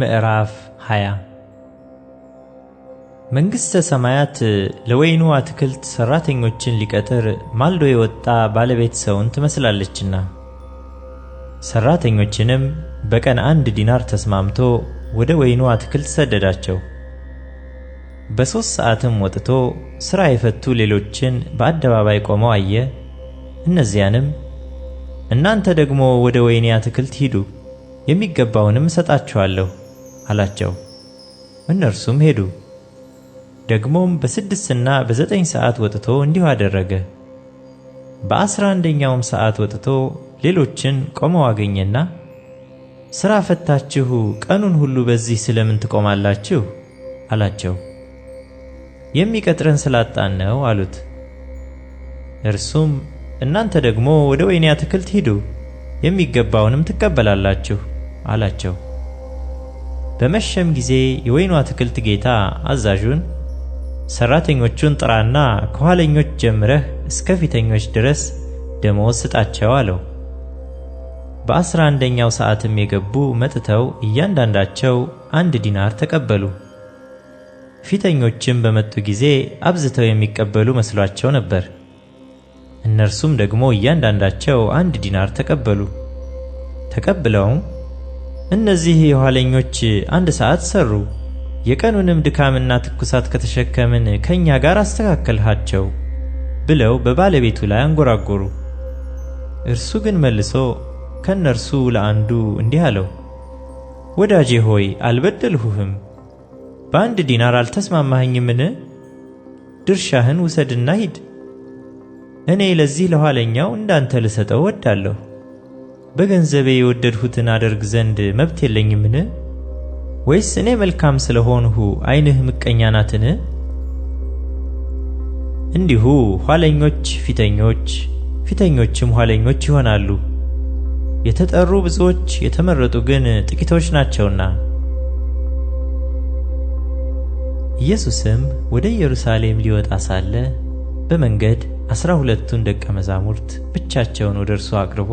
ምዕራፍ 20 መንግሥተ ሰማያት ለወይኑ አትክልት ሠራተኞችን ሊቀጥር ማልዶ የወጣ ባለቤት ሰውን ትመስላለችና። ሠራተኞችንም በቀን አንድ ዲናር ተስማምቶ ወደ ወይኑ አትክልት ሰደዳቸው። በሦስት ሰዓትም ወጥቶ ሥራ የፈቱ ሌሎችን በአደባባይ ቆመው አየ። እነዚያንም እናንተ ደግሞ ወደ ወይኔ አትክልት ሂዱ፣ የሚገባውንም እሰጣችኋለሁ አላቸው። እነርሱም ሄዱ። ደግሞም በስድስትና በዘጠኝ ሰዓት ወጥቶ እንዲሁ አደረገ። በአስራ አንደኛውም ሰዓት ወጥቶ ሌሎችን ቆመው አገኘና ሥራ ፈታችሁ ቀኑን ሁሉ በዚህ ስለምን ትቆማላችሁ? አላቸው። የሚቀጥረን ስላጣን ነው አሉት። እርሱም እናንተ ደግሞ ወደ ወይኔ አትክልት ሂዱ የሚገባውንም ትቀበላላችሁ አላቸው። በመሸም ጊዜ የወይኑ አትክልት ጌታ አዛዡን ሰራተኞቹን ጥራና ከኋለኞች ጀምረህ እስከ ፊተኞች ድረስ ደመወዝ ስጣቸው አለው። በአስራ አንደኛው ሰዓትም የገቡ መጥተው እያንዳንዳቸው አንድ ዲናር ተቀበሉ። ፊተኞችም በመጡ ጊዜ አብዝተው የሚቀበሉ መስሏቸው ነበር። እነርሱም ደግሞ እያንዳንዳቸው አንድ ዲናር ተቀበሉ። ተቀብለውም እነዚህ የኋለኞች አንድ ሰዓት ሰሩ፣ የቀኑንም ድካምና ትኩሳት ከተሸከምን ከእኛ ጋር አስተካከልሃቸው ብለው በባለቤቱ ላይ አንጎራጎሩ። እርሱ ግን መልሶ ከእነርሱ ለአንዱ እንዲህ አለው፣ ወዳጄ ሆይ አልበደልሁህም፣ በአንድ ዲናር አልተስማማኸኝምን? ድርሻህን ውሰድና ሂድ። እኔ ለዚህ ለኋለኛው እንዳንተ ልሰጠው ወዳለሁ። በገንዘቤ የወደድሁትን አደርግ ዘንድ መብት የለኝምን? ወይስ እኔ መልካም ስለሆንሁ ዓይንህ ምቀኛ ናትን? እንዲሁ ኋለኞች ፊተኞች፣ ፊተኞችም ኋለኞች ይሆናሉ። የተጠሩ ብዙዎች፣ የተመረጡ ግን ጥቂቶች ናቸውና። ኢየሱስም ወደ ኢየሩሳሌም ሊወጣ ሳለ በመንገድ አስራ ሁለቱን ደቀ መዛሙርት ብቻቸውን ወደ እርሱ አቅርቦ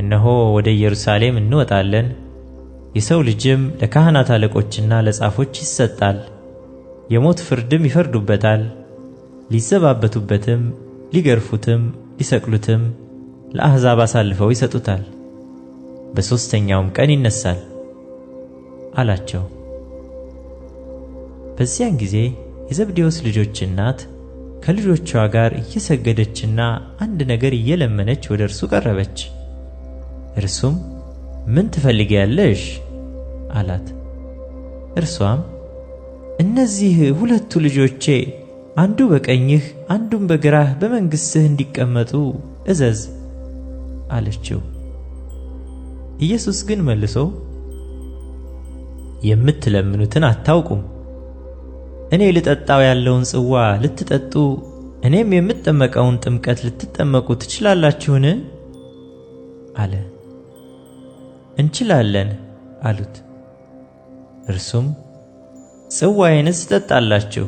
እነሆ ወደ ኢየሩሳሌም እንወጣለን፣ የሰው ልጅም ለካህናት አለቆችና ለጻፎች ይሰጣል፣ የሞት ፍርድም ይፈርዱበታል፣ ሊዘባበቱበትም፣ ሊገርፉትም፣ ሊሰቅሉትም ለአሕዛብ አሳልፈው ይሰጡታል፣ በሦስተኛውም ቀን ይነሣል አላቸው። በዚያን ጊዜ የዘብዴዎስ ልጆች እናት ከልጆቿ ጋር እየሰገደችና አንድ ነገር እየለመነች ወደ እርሱ ቀረበች። እርሱም ምን ትፈልጊያለሽ? አላት። እርሷም እነዚህ ሁለቱ ልጆቼ አንዱ በቀኝህ አንዱም በግራህ በመንግሥትህ እንዲቀመጡ እዘዝ አለችው። ኢየሱስ ግን መልሶ የምትለምኑትን አታውቁም፤ እኔ ልጠጣው ያለውን ጽዋ ልትጠጡ እኔም የምጠመቀውን ጥምቀት ልትጠመቁ ትችላላችሁን? አለ። እንችላለን አሉት። እርሱም ጽዋዬንስ ትጠጣላችሁ፣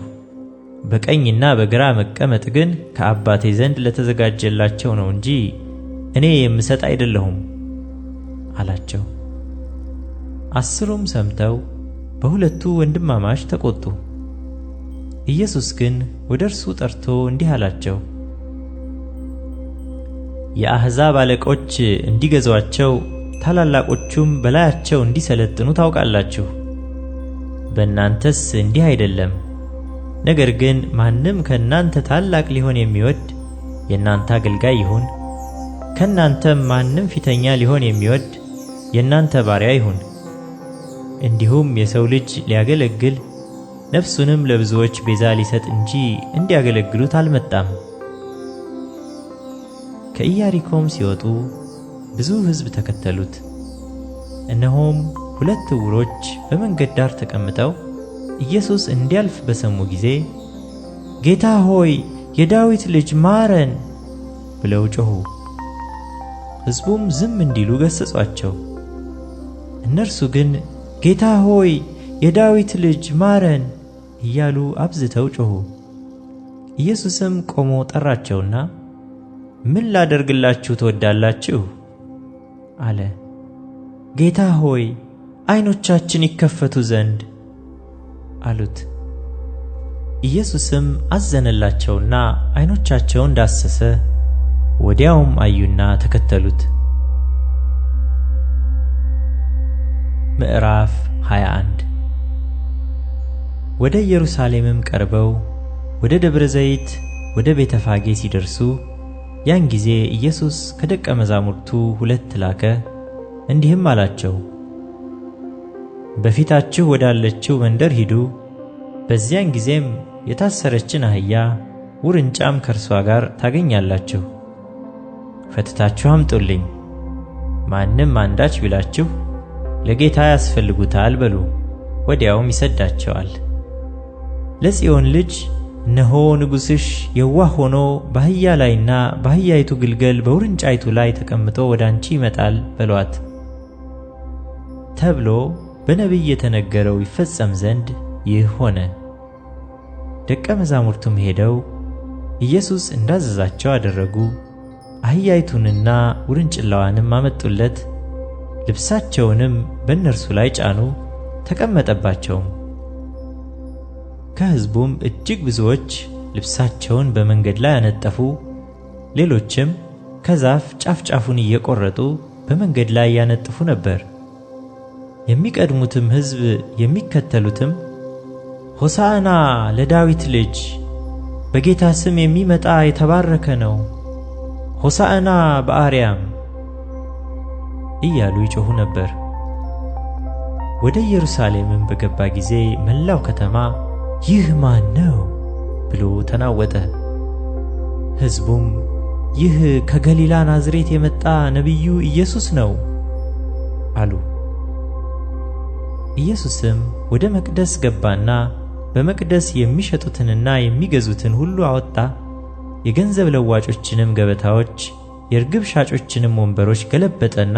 በቀኝና በግራ መቀመጥ ግን ከአባቴ ዘንድ ለተዘጋጀላቸው ነው እንጂ እኔ የምሰጥ አይደለሁም አላቸው። አስሩም ሰምተው በሁለቱ ወንድማማች ተቆጡ። ኢየሱስ ግን ወደ እርሱ ጠርቶ እንዲህ አላቸው፣ የአሕዛብ አለቆች እንዲገዟቸው ታላላቆቹም በላያቸው እንዲሰለጥኑ ታውቃላችሁ። በእናንተስ እንዲህ አይደለም። ነገር ግን ማንም ከእናንተ ታላቅ ሊሆን የሚወድ የእናንተ አገልጋይ ይሁን፣ ከእናንተም ማንም ፊተኛ ሊሆን የሚወድ የእናንተ ባሪያ ይሁን። እንዲሁም የሰው ልጅ ሊያገለግል ነፍሱንም ለብዙዎች ቤዛ ሊሰጥ እንጂ እንዲያገለግሉት አልመጣም። ከኢያሪኮም ሲወጡ ብዙ ሕዝብ ተከተሉት። እነሆም ሁለት ዕውሮች በመንገድ ዳር ተቀምጠው ኢየሱስ እንዲያልፍ በሰሙ ጊዜ ጌታ ሆይ የዳዊት ልጅ ማረን ብለው ጮኹ። ሕዝቡም ዝም እንዲሉ ገሰጿቸው። እነርሱ ግን ጌታ ሆይ የዳዊት ልጅ ማረን እያሉ አብዝተው ጮኹ። ኢየሱስም ቆሞ ጠራቸውና ምን ላደርግላችሁ ትወዳላችሁ? አለ። ጌታ ሆይ አይኖቻችን ይከፈቱ ዘንድ አሉት። ኢየሱስም አዘነላቸውና አይኖቻቸውን ዳሰሰ፣ ወዲያውም አዩና ተከተሉት። ምዕራፍ 21 ወደ ኢየሩሳሌምም ቀርበው ወደ ደብረ ዘይት ወደ ቤተፋጌ ሲደርሱ ያን ጊዜ ኢየሱስ ከደቀ መዛሙርቱ ሁለት ላከ፣ እንዲህም አላቸው፦ በፊታችሁ ወዳለችው መንደር ሂዱ፣ በዚያን ጊዜም የታሰረችን አህያ ውርንጫም ከእርሷ ጋር ታገኛላችሁ፣ ፈትታችሁ አምጡልኝ። ማንም አንዳች ቢላችሁ ለጌታ ያስፈልጉታል በሉ፣ ወዲያውም ይሰዳቸዋል። ለጽዮን ልጅ እነሆ ንጉሥሽ የዋህ ሆኖ በአህያ ላይና በአህያይቱ ግልገል በውርንጫይቱ ላይ ተቀምጦ ወደ አንቺ ይመጣል በሏት ተብሎ በነቢይ የተነገረው ይፈጸም ዘንድ ይህ ሆነ። ደቀ መዛሙርቱም ሄደው ኢየሱስ እንዳዘዛቸው አደረጉ። አህያይቱንና ውርንጭላዋንም አመጡለት፣ ልብሳቸውንም በእነርሱ ላይ ጫኑ፣ ተቀመጠባቸውም። ከሕዝቡም እጅግ ብዙዎች ልብሳቸውን በመንገድ ላይ አነጠፉ፣ ሌሎችም ከዛፍ ጫፍ ጫፉን እየቆረጡ በመንገድ ላይ ያነጥፉ ነበር። የሚቀድሙትም ሕዝብ የሚከተሉትም ሆሳዕና ለዳዊት ልጅ በጌታ ስም የሚመጣ የተባረከ ነው፣ ሆሳዕና በአርያም እያሉ ይጮኹ ነበር። ወደ ኢየሩሳሌምም በገባ ጊዜ መላው ከተማ ይህ ማን ነው ብሎ ተናወጠ። ሕዝቡም ይህ ከገሊላ ናዝሬት የመጣ ነቢዩ ኢየሱስ ነው አሉ። ኢየሱስም ወደ መቅደስ ገባና በመቅደስ የሚሸጡትንና የሚገዙትን ሁሉ አወጣ፣ የገንዘብ ለዋጮችንም ገበታዎች፣ የርግብ ሻጮችንም ወንበሮች ገለበጠና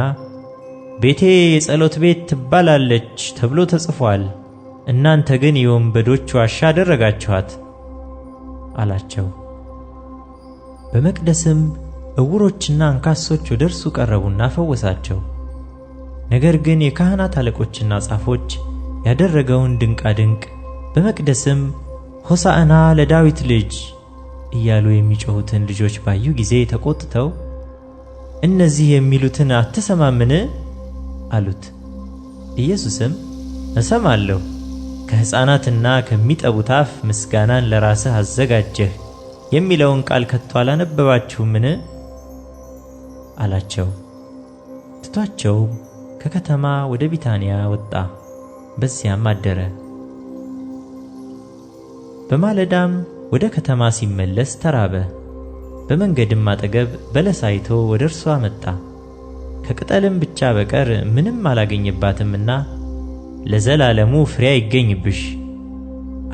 ቤቴ የጸሎት ቤት ትባላለች ተብሎ ተጽፏል እናንተ ግን የወንበዶች ዋሻ አደረጋችኋት አላቸው። በመቅደስም እውሮችና አንካሶች ወደ እርሱ ቀረቡና ፈወሳቸው። ነገር ግን የካህናት አለቆችና ጻፎች ያደረገውን ድንቃድንቅ በመቅደስም ሆሳዕና ለዳዊት ልጅ እያሉ የሚጮሁትን ልጆች ባዩ ጊዜ ተቆጥተው እነዚህ የሚሉትን አትሰማምን? አሉት። ኢየሱስም እሰማለሁ ከሕፃናትና ከሚጠቡት አፍ ምስጋናን ለራስህ አዘጋጀህ የሚለውን ቃል ከቶ አላነበባችሁምን? አላቸው። ትቷቸው ከከተማ ወደ ቢታንያ ወጣ፣ በዚያም አደረ። በማለዳም ወደ ከተማ ሲመለስ ተራበ። በመንገድም አጠገብ በለስ አይቶ ወደ እርሷ መጣ፣ ከቅጠልም ብቻ በቀር ምንም አላገኘባትምና ለዘላለሙ ፍሬ አይገኝብሽ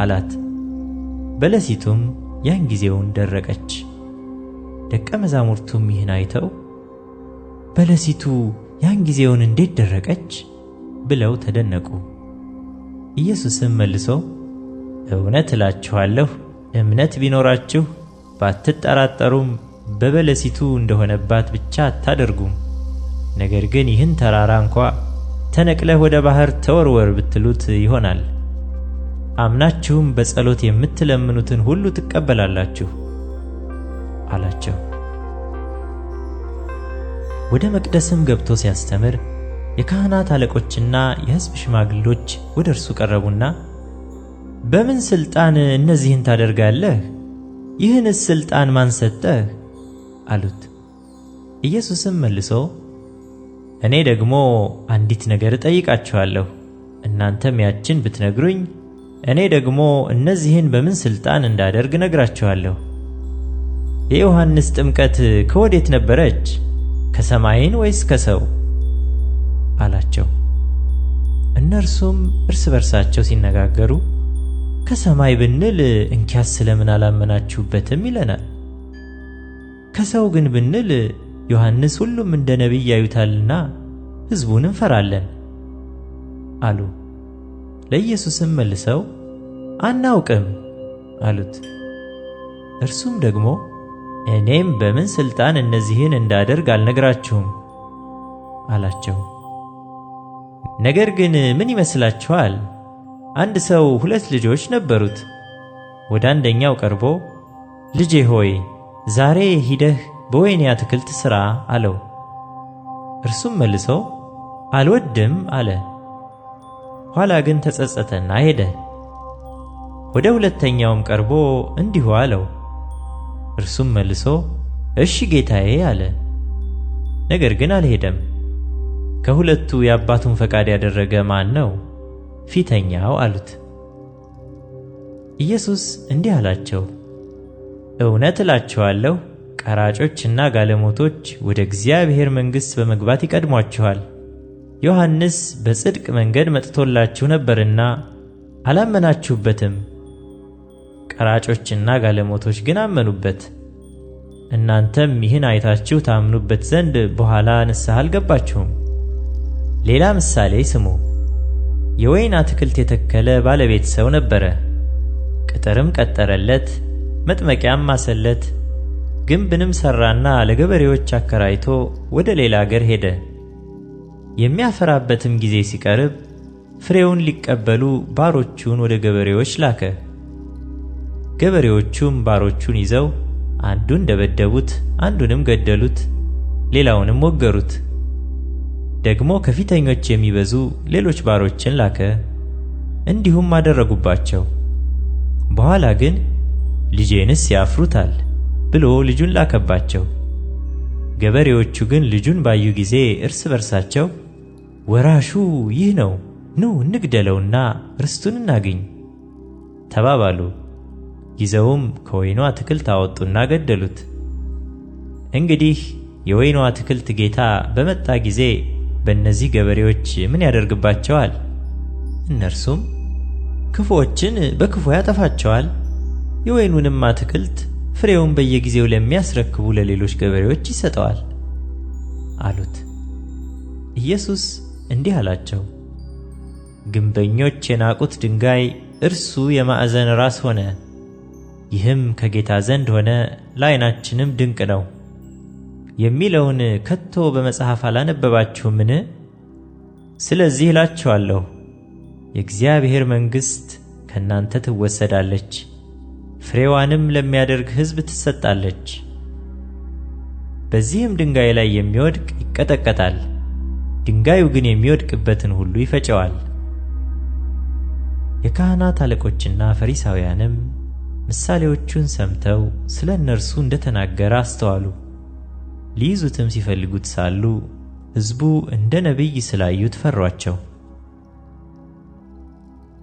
አላት። በለሲቱም ያን ጊዜውን ደረቀች። ደቀ መዛሙርቱም ይህን አይተው በለሲቱ ያን ጊዜውን እንዴት ደረቀች ብለው ተደነቁ። ኢየሱስም መልሶ እውነት እላችኋለሁ እምነት ቢኖራችሁ ባትጠራጠሩም በበለሲቱ እንደሆነባት ብቻ አታደርጉም። ነገር ግን ይህን ተራራ እንኳ ተነቅለህ ወደ ባህር ተወርወር ብትሉት ይሆናል። አምናችሁም በጸሎት የምትለምኑትን ሁሉ ትቀበላላችሁ አላቸው። ወደ መቅደስም ገብቶ ሲያስተምር የካህናት አለቆችና የሕዝብ ሽማግሎች ወደ እርሱ ቀረቡና በምን ሥልጣን እነዚህን ታደርጋለህ? ይህንስ ሥልጣን ማን ሰጠህ? አሉት። ኢየሱስም መልሶ እኔ ደግሞ አንዲት ነገር እጠይቃችኋለሁ፣ እናንተም ያችን ብትነግሩኝ እኔ ደግሞ እነዚህን በምን ሥልጣን እንዳደርግ ነግራችኋለሁ። የዮሐንስ ጥምቀት ከወዴት ነበረች? ከሰማይን ወይስ ከሰው? አላቸው። እነርሱም እርስ በርሳቸው ሲነጋገሩ ከሰማይ ብንል እንኪያስ ስለምን አላመናችሁበትም ይለናል፣ ከሰው ግን ብንል ዮሐንስ ሁሉም እንደ ነቢይ ያዩታልና ሕዝቡን እንፈራለን አሉ። ለኢየሱስም መልሰው አናውቅም አሉት። እርሱም ደግሞ እኔም በምን ሥልጣን እነዚህን እንዳደርግ አልነግራችሁም አላቸው። ነገር ግን ምን ይመስላችኋል? አንድ ሰው ሁለት ልጆች ነበሩት። ወደ አንደኛው ቀርቦ ልጄ ሆይ ዛሬ ሂደህ በወይኔ አትክልት ሥራ አለው። እርሱም መልሶ አልወድም አለ። ኋላ ግን ተጸጸተና ሄደ። ወደ ሁለተኛውም ቀርቦ እንዲሁ አለው። እርሱም መልሶ እሺ ጌታዬ አለ። ነገር ግን አልሄደም። ከሁለቱ የአባቱን ፈቃድ ያደረገ ማን ነው? ፊተኛው አሉት። ኢየሱስ እንዲህ አላቸው፣ እውነት እላችኋለሁ ቀራጮችና ጋለሞቶች ወደ እግዚአብሔር መንግሥት በመግባት ይቀድሟችኋል። ዮሐንስ በጽድቅ መንገድ መጥቶላችሁ ነበርና አላመናችሁበትም። ቀራጮችና ጋለሞቶች ግን አመኑበት። እናንተም ይህን አይታችሁ ታምኑበት ዘንድ በኋላ ንስሐ አልገባችሁም። ሌላ ምሳሌ ስሙ። የወይን አትክልት የተከለ ባለቤት ሰው ነበረ። ቅጥርም ቀጠረለት፣ መጥመቂያም ማሰለት ግንብንም ሠራና ለገበሬዎች አከራይቶ ወደ ሌላ አገር ሄደ። የሚያፈራበትም ጊዜ ሲቀርብ ፍሬውን ሊቀበሉ ባሮቹን ወደ ገበሬዎች ላከ። ገበሬዎቹም ባሮቹን ይዘው አንዱን ደበደቡት፣ አንዱንም ገደሉት፣ ሌላውንም ወገሩት። ደግሞ ከፊተኞች የሚበዙ ሌሎች ባሮችን ላከ፣ እንዲሁም አደረጉባቸው። በኋላ ግን ልጄንስ ያፍሩታል ብሎ ልጁን ላከባቸው። ገበሬዎቹ ግን ልጁን ባዩ ጊዜ እርስ በርሳቸው ወራሹ ይህ ነው፣ ኑ እንግደለውና ርስቱን እናግኝ ተባባሉ። ይዘውም ከወይኑ አትክልት አወጡና ገደሉት። እንግዲህ የወይኑ አትክልት ጌታ በመጣ ጊዜ በእነዚህ ገበሬዎች ምን ያደርግባቸዋል? እነርሱም ክፉዎችን በክፉ ያጠፋቸዋል፣ የወይኑንም አትክልት ፍሬውን በየጊዜው ለሚያስረክቡ ለሌሎች ገበሬዎች ይሰጠዋል አሉት። ኢየሱስ እንዲህ አላቸው፣ ግንበኞች የናቁት ድንጋይ እርሱ የማዕዘን ራስ ሆነ። ይህም ከጌታ ዘንድ ሆነ፣ ለዓይናችንም ድንቅ ነው የሚለውን ከቶ በመጽሐፍ አላነበባችሁምን? ስለዚህ እላችኋለሁ የእግዚአብሔር መንግሥት ከእናንተ ትወሰዳለች። ፍሬዋንም ለሚያደርግ ሕዝብ ትሰጣለች። በዚህም ድንጋይ ላይ የሚወድቅ ይቀጠቀጣል፣ ድንጋዩ ግን የሚወድቅበትን ሁሉ ይፈጨዋል። የካህናት አለቆችና ፈሪሳውያንም ምሳሌዎቹን ሰምተው ስለ እነርሱ እንደተናገረ አስተዋሉ። ሊይዙትም ሲፈልጉት ሳሉ ሕዝቡ እንደ ነቢይ ስላዩት ፈሯቸው።